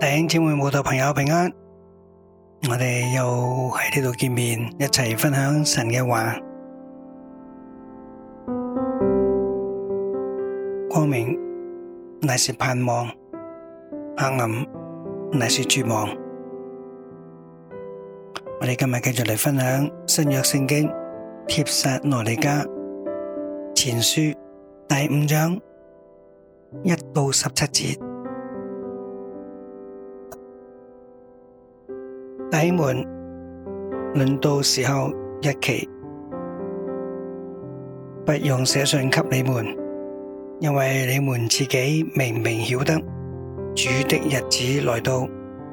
弟兄姊妹、信徒朋友平安，我哋又喺呢度見面，一齊分享神嘅話。光明乃是盼望，黑暗乃是絕望。我哋今日繼續嚟分享新約聖經帖撒羅尼迦前書第五章一到十七節。弟兄們，輪到時候日期，不用寫信給你們，因為你們自己明明曉得主的日子來到，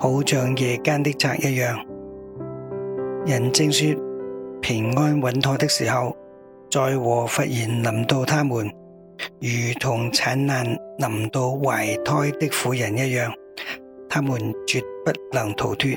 好像夜間的賊一樣。人正說平安穩妥的時候，災禍忽然臨到他們，如同產難臨到懷胎的婦人一樣，他們絕不能逃脫。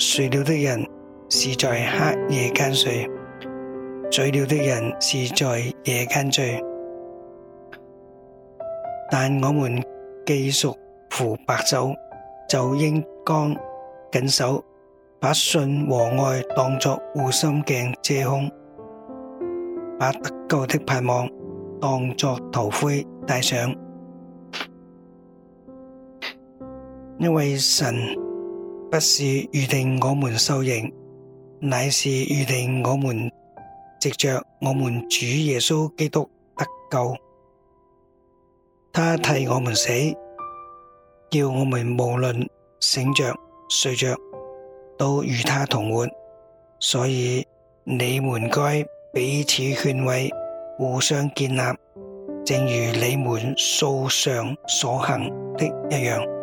睡了的人是在黑夜間睡，醉了的人是在夜間醉。但我們既屬乎白晝，就應該謹守，把信和愛當作護心鏡遮胸，把得救的盼望當作頭盔戴上，因為神。不是預定我們受刑，乃是預定我們藉着我們主耶穌基督得救。他替我們死，叫我們無論醒着睡着，都與他同活。所以你們該彼此勸慰，互相建立，正如你們素常所行的一樣。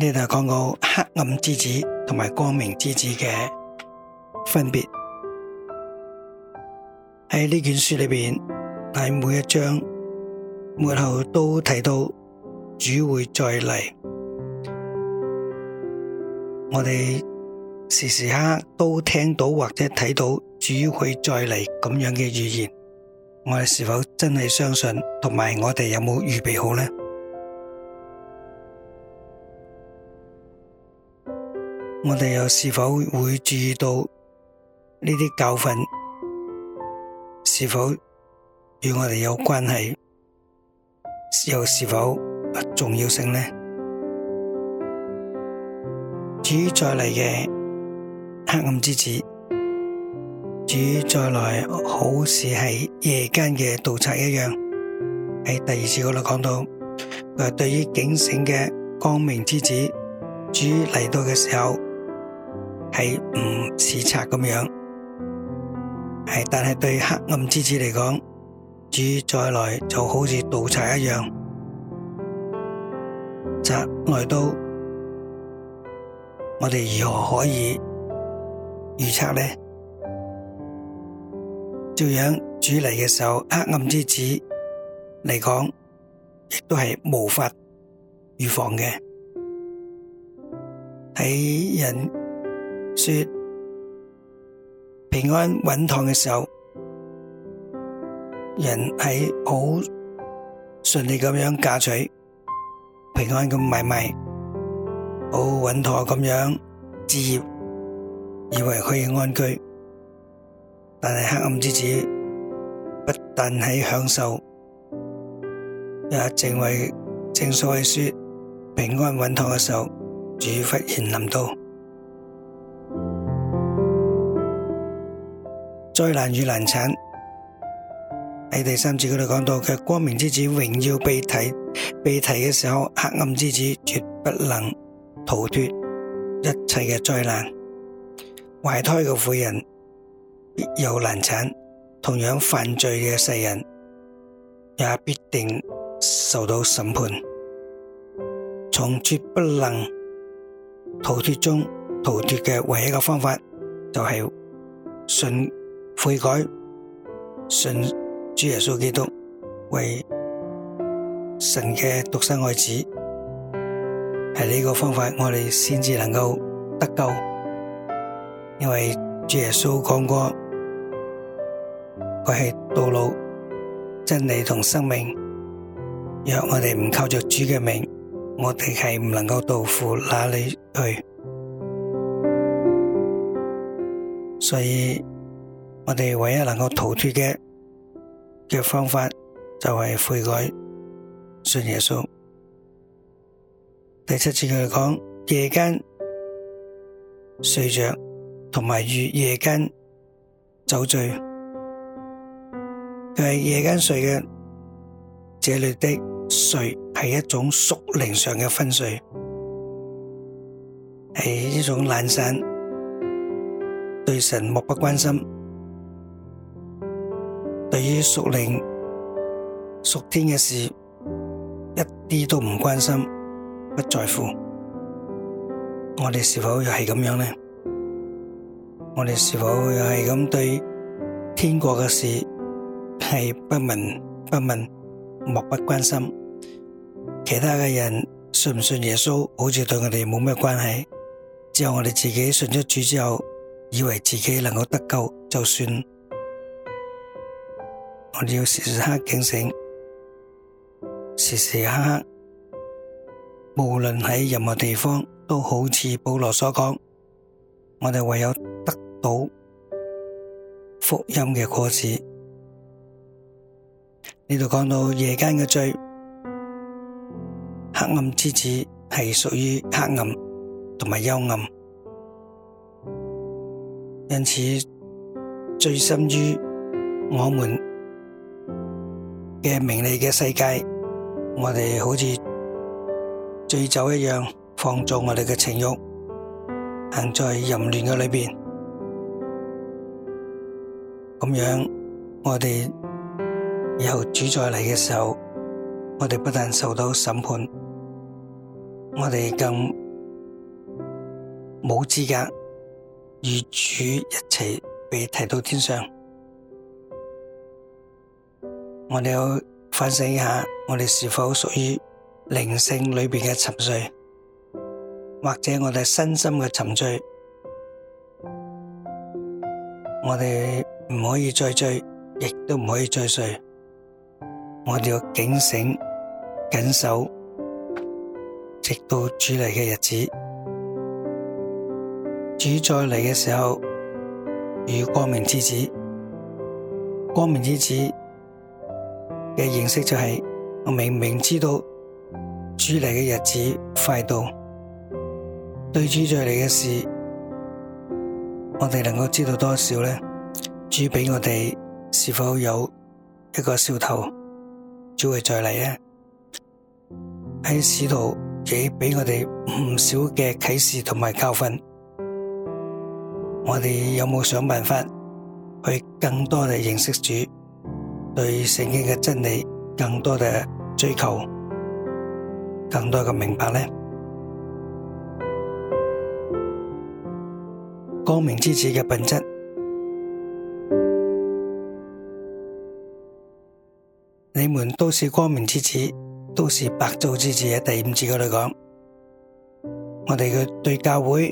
呢度講到黑暗之子同埋光明之子嘅分別。喺呢卷書裏邊，喺每一章末後都提到主會再嚟，我哋時時刻都聽到或者睇到主會再嚟咁樣嘅預言，我哋是否真係相信同埋我哋有冇預備好呢？我哋又是否會注意到呢啲教訓是否與我哋有關係？又是否重要性呢？主再來嘅黑暗之子，主再來好似喺夜間嘅盜賊一樣。喺第二次嗰度講到，佢對於警醒嘅光明之子，主嚟到嘅時候。係唔視察咁樣，係但係對黑暗之子嚟講，主再來就好似盜賊一樣，賊來到我哋如何可以預測呢？照樣主嚟嘅時候，黑暗之子嚟講，亦都係無法預防嘅喺人。說平安穩妥嘅時候，人喺好順利咁樣嫁娶，平安咁買賣，好穩妥咁樣置業，以為可以安居。但係黑暗之子不但喺享受，也正為正所謂說平安穩妥嘅時候，主忽然臨到。災難與難產，喺第三節嗰度講到嘅光明之子榮耀被提，被提嘅時候，黑暗之子絕不能逃脫一切嘅災難。懷胎嘅婦人必有難產，同樣犯罪嘅世人也必定受到審判。從絕不能逃脫中逃脫嘅唯一嘅方法，就係信。悔改，信主耶穌基督為神嘅獨生愛子，係呢個方法，我哋先至能夠得救。因為主耶穌講過，佢係道路、真理同生命。若我哋唔靠着主嘅名，我哋係唔能夠到父那裏去。所以。我哋唯一能夠逃脫嘅嘅方法就係悔改信耶穌。第七節佢講夜間睡着同埋與夜間酒醉，佢係夜間睡嘅。這裏的睡係一種屬靈上嘅昏睡，係一種懶散，對神漠不關心。對於屬靈、屬天嘅事，一啲都唔關心、不在乎。我哋是否又係咁樣呢？我哋是否又係咁對天國嘅事係不聞不問、漠不關心？其他嘅人信唔信耶穌，好似對我哋冇咩關係。只有我哋自己信咗主之後，以為自己能夠得救，就算。我哋要時時刻警醒，時時刻刻，無論喺任何地方，都好似保羅所講，我哋唯有得到福音嘅果子。呢度講到夜間嘅罪，黑暗之子係屬於黑暗同埋幽暗，因此最深於我們。嘅名利嘅世界，我哋好似醉酒一樣放縱我哋嘅情欲，行在淫亂嘅裏邊，咁樣，我哋以後主再嚟嘅時候，我哋不但受到審判，我哋更冇資格與主一齊被提到天上。我哋要反省一下，我哋是否屬於靈性裏邊嘅沉睡，或者我哋身心嘅沉醉？我哋唔可以再醉醉，亦都唔可以再睡。我哋要警醒、緊守，直到主嚟嘅日子。主再嚟嘅時候，如光明之子，光明之子。嘅認識就係、是、我明明知道主嚟嘅日子快到，對主再嚟嘅事，我哋能夠知道多少呢？主俾我哋是否有一個兆頭，主會再嚟呢？喺使徒亦俾我哋唔少嘅啟示同埋教訓，我哋有冇想辦法去更多地認識主？對聖經嘅真理更多嘅追求，更多嘅明白呢。光明之子嘅品質，你們都是光明之子，都是白晝之子。喺第五節嗰度講，我哋嘅對教會、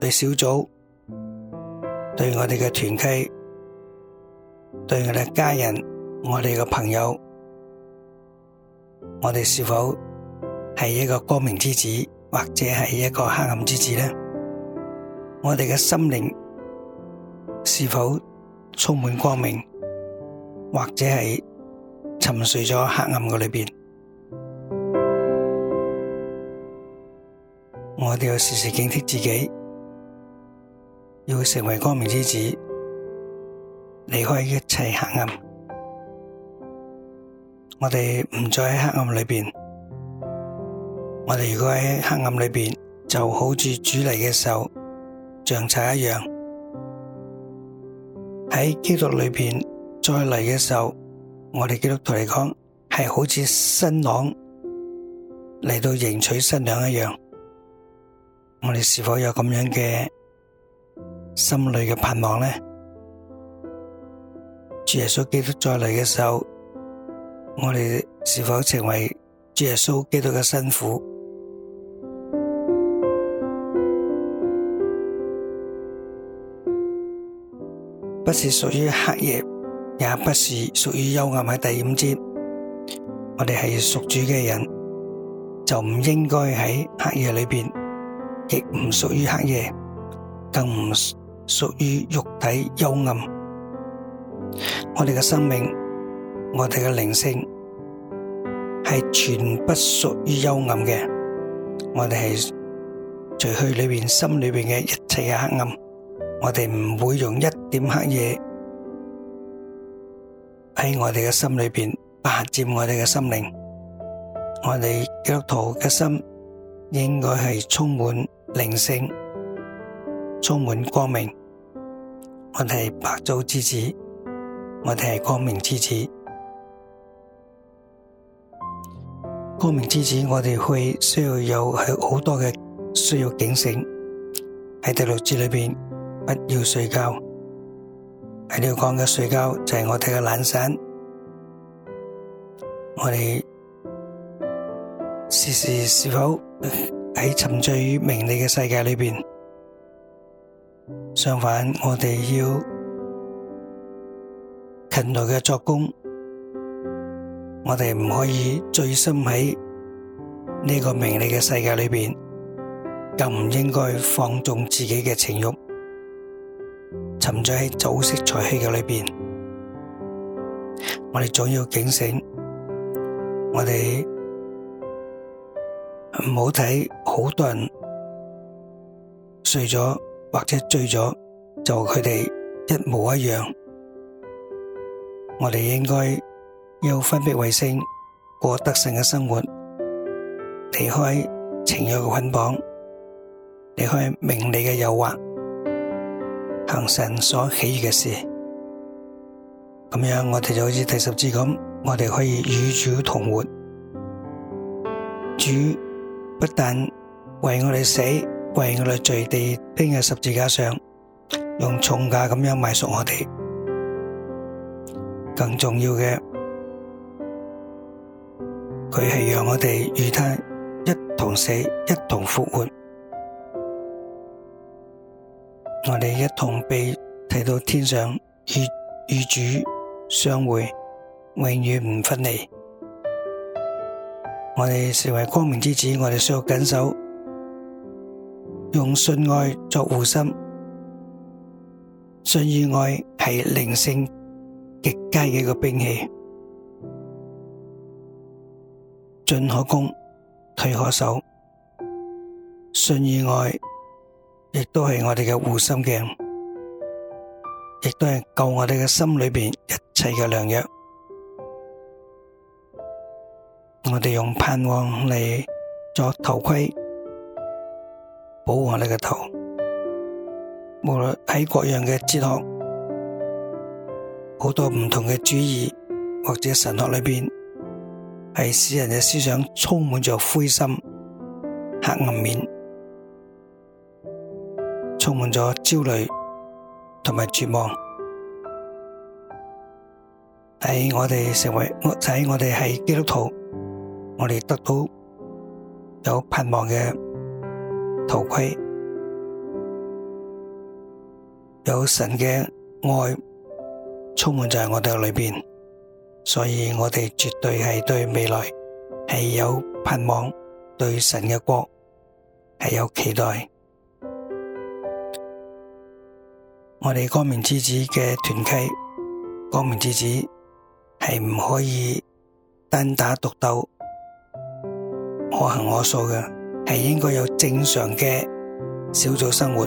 對小組、對我哋嘅團契、對我哋嘅家人。我哋嘅朋友，我哋是否係一個光明之子，或者係一個黑暗之子呢？我哋嘅心靈是否充滿光明，或者係沉睡咗黑暗嘅裏邊？我哋要時時警惕自己，要成為光明之子，離開一切黑暗。我哋唔再喺黑暗裏邊，我哋如果喺黑暗裏邊，就好似主嚟嘅時候像賊一樣；喺基督裏邊再嚟嘅時候，我哋基督徒嚟講係好似新郎嚟到迎娶新娘一樣。我哋是否有咁樣嘅心裏嘅盼望呢？主耶穌基督再嚟嘅時候。我哋是否成為主耶穌基督嘅辛苦，不是屬於黑夜，也不是屬於幽暗嘅第五節。我哋係屬主嘅人，就唔應該喺黑夜裏邊，亦唔屬於黑夜，更唔屬於肉體幽暗。我哋嘅生命。我哋嘅靈性係全不屬於幽暗嘅，我哋係除去裏邊心裏邊嘅一切嘅黑暗，我哋唔會用一點黑夜喺我哋嘅心裏邊霸占我哋嘅心靈。我哋基督徒嘅心應該係充滿靈性，充滿光明。我哋係白晝之子，我哋係光明之子。光明之子，我哋去需要有係好多嘅需要警醒，喺第六節裏邊，不要睡覺。喺呢度講嘅睡覺就係我哋嘅懶散。我哋時時是否喺沉醉於名利嘅世界裏邊。相反，我哋要勤勞嘅作工。我哋唔可以醉心喺呢個名利嘅世界裏邊，更唔應該放縱自己嘅情欲，沉醉喺酒色財氣嘅裏邊。我哋總要警醒，我哋唔好睇好多人睡咗或者醉咗，就佢哋一模一樣。我哋應該。要分別為聖，過得勝嘅生活，離開情欲嘅捆綁，離開名利嘅誘惑，行神所喜悅嘅事。咁樣我哋就好似第十節咁，我哋可以與主同活。主不但為我哋死，為我哋在地釘喺十字架上用重價咁樣買贖我哋，更重要嘅。佢係讓我哋與他一同死，一同復活；我哋一同被提到天上，與與主相會，永遠唔分離。我哋成為光明之子，我哋需要緊守，用信愛作護心，信與愛係靈性極佳嘅一個兵器。進可攻，退可守。信與愛亦都係我哋嘅護心鏡，亦都係救我哋嘅心裏邊一切嘅良藥。我哋用盼望嚟作頭盔，保護我哋嘅頭。無論喺各樣嘅哲學、好多唔同嘅主義或者神學裏邊。係使人嘅思想充滿着灰心、黑暗面，充滿咗焦慮同埋絕望。喺我哋成為，喺我哋喺基督徒，我哋得到有盼望嘅頭盔，有神嘅愛充滿在我哋裏邊。所以我哋絕對係對未來係有盼望，對神嘅國係有期待。我哋光明之子嘅團契，光明之子係唔可以單打獨鬥，我行我素嘅，係應該有正常嘅小組生活，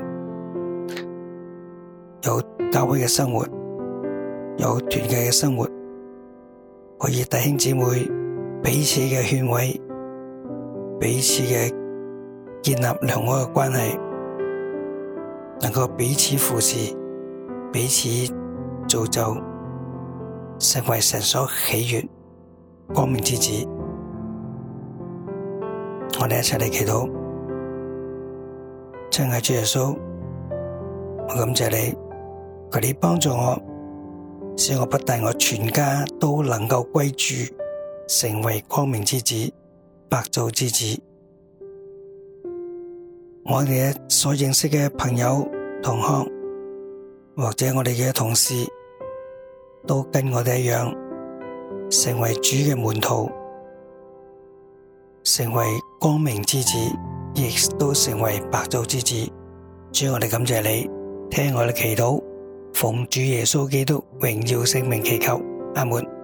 有教會嘅生活，有團契嘅生活。我以弟兄姊妹彼此嘅勸慰，彼此嘅建立良好嘅關係，能夠彼此扶持，彼此造就，成為神所喜悅光明之子。我哋一齊嚟祈禱，親愛主耶穌，我感謝你，求你幫助我。使我不但我全家都能夠歸主，成為光明之子、白晝之子。我哋所認識嘅朋友、同學或者我哋嘅同事，都跟我哋一樣，成為主嘅門徒，成為光明之子，亦都成為白晝之子。主，我哋感謝你，聽我哋祈禱。奉主耶穌基督榮耀聖名祈求，阿門。